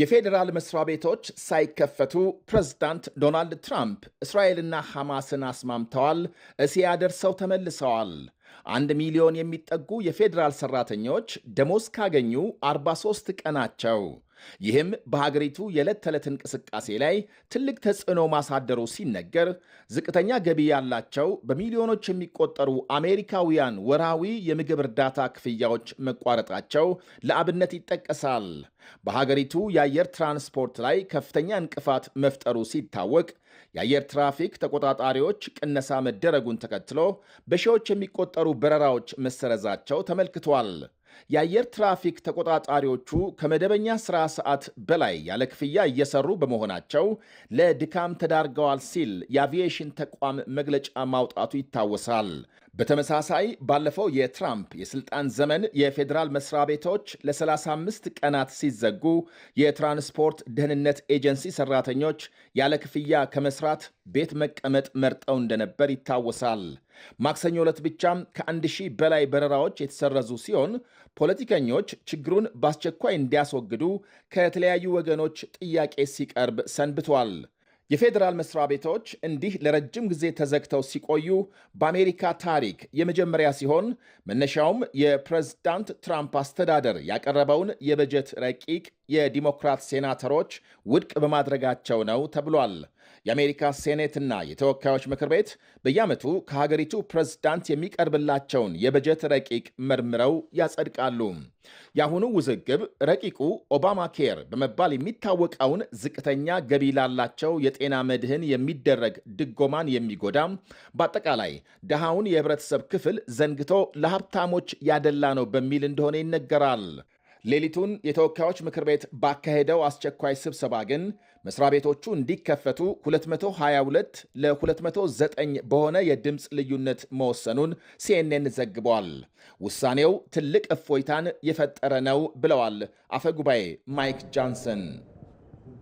የፌዴራል መስሪያ ቤቶች ሳይከፈቱ ፕሬዝዳንት ዶናልድ ትራምፕ እስራኤልና ሐማስን አስማምተዋል። እስያ ደርሰው ተመልሰዋል። አንድ ሚሊዮን የሚጠጉ የፌዴራል ሰራተኞች ደሞዝ ካገኙ 43 ቀናቸው ይህም በሀገሪቱ የዕለት ተዕለት እንቅስቃሴ ላይ ትልቅ ተጽዕኖ ማሳደሩ ሲነገር፣ ዝቅተኛ ገቢ ያላቸው በሚሊዮኖች የሚቆጠሩ አሜሪካውያን ወርሃዊ የምግብ እርዳታ ክፍያዎች መቋረጣቸው ለአብነት ይጠቀሳል። በሀገሪቱ የአየር ትራንስፖርት ላይ ከፍተኛ እንቅፋት መፍጠሩ ሲታወቅ የአየር ትራፊክ ተቆጣጣሪዎች ቅነሳ መደረጉን ተከትሎ በሺዎች የሚቆጠሩ በረራዎች መሰረዛቸው ተመልክቷል። የአየር ትራፊክ ተቆጣጣሪዎቹ ከመደበኛ ስራ ሰዓት በላይ ያለ ክፍያ እየሰሩ በመሆናቸው ለድካም ተዳርገዋል ሲል የአቪዬሽን ተቋም መግለጫ ማውጣቱ ይታወሳል። በተመሳሳይ ባለፈው የትራምፕ የስልጣን ዘመን የፌዴራል መስሪያ ቤቶች ለ35 ቀናት ሲዘጉ የትራንስፖርት ደህንነት ኤጀንሲ ሰራተኞች ያለ ክፍያ ከመስራት ቤት መቀመጥ መርጠው እንደነበር ይታወሳል። ማክሰኞ ዕለት ብቻም ከአንድ ሺህ በላይ በረራዎች የተሰረዙ ሲሆን ፖለቲከኞች ችግሩን በአስቸኳይ እንዲያስወግዱ ከተለያዩ ወገኖች ጥያቄ ሲቀርብ ሰንብቷል። የፌዴራል መስሪያ ቤቶች እንዲህ ለረጅም ጊዜ ተዘግተው ሲቆዩ በአሜሪካ ታሪክ የመጀመሪያ ሲሆን መነሻውም የፕሬዝዳንት ትራምፕ አስተዳደር ያቀረበውን የበጀት ረቂቅ የዲሞክራት ሴናተሮች ውድቅ በማድረጋቸው ነው ተብሏል። የአሜሪካ ሴኔትና የተወካዮች ምክር ቤት በየዓመቱ ከሀገሪቱ ፕሬዝዳንት የሚቀርብላቸውን የበጀት ረቂቅ መርምረው ያጸድቃሉ። የአሁኑ ውዝግብ ረቂቁ ኦባማ ኬር በመባል የሚታወቀውን ዝቅተኛ ገቢ ላላቸው የጤና መድህን የሚደረግ ድጎማን የሚጎዳ በአጠቃላይ ድሃውን የህብረተሰብ ክፍል ዘንግቶ ለሀብታሞች ያደላ ነው በሚል እንደሆነ ይነገራል። ሌሊቱን የተወካዮች ምክር ቤት ባካሄደው አስቸኳይ ስብሰባ ግን መስሪያ ቤቶቹ እንዲከፈቱ 222 ለ209 በሆነ የድምፅ ልዩነት መወሰኑን ሲኤንኤን ዘግቧል። ውሳኔው ትልቅ እፎይታን የፈጠረ ነው ብለዋል አፈጉባኤ ማይክ ጃንሰን።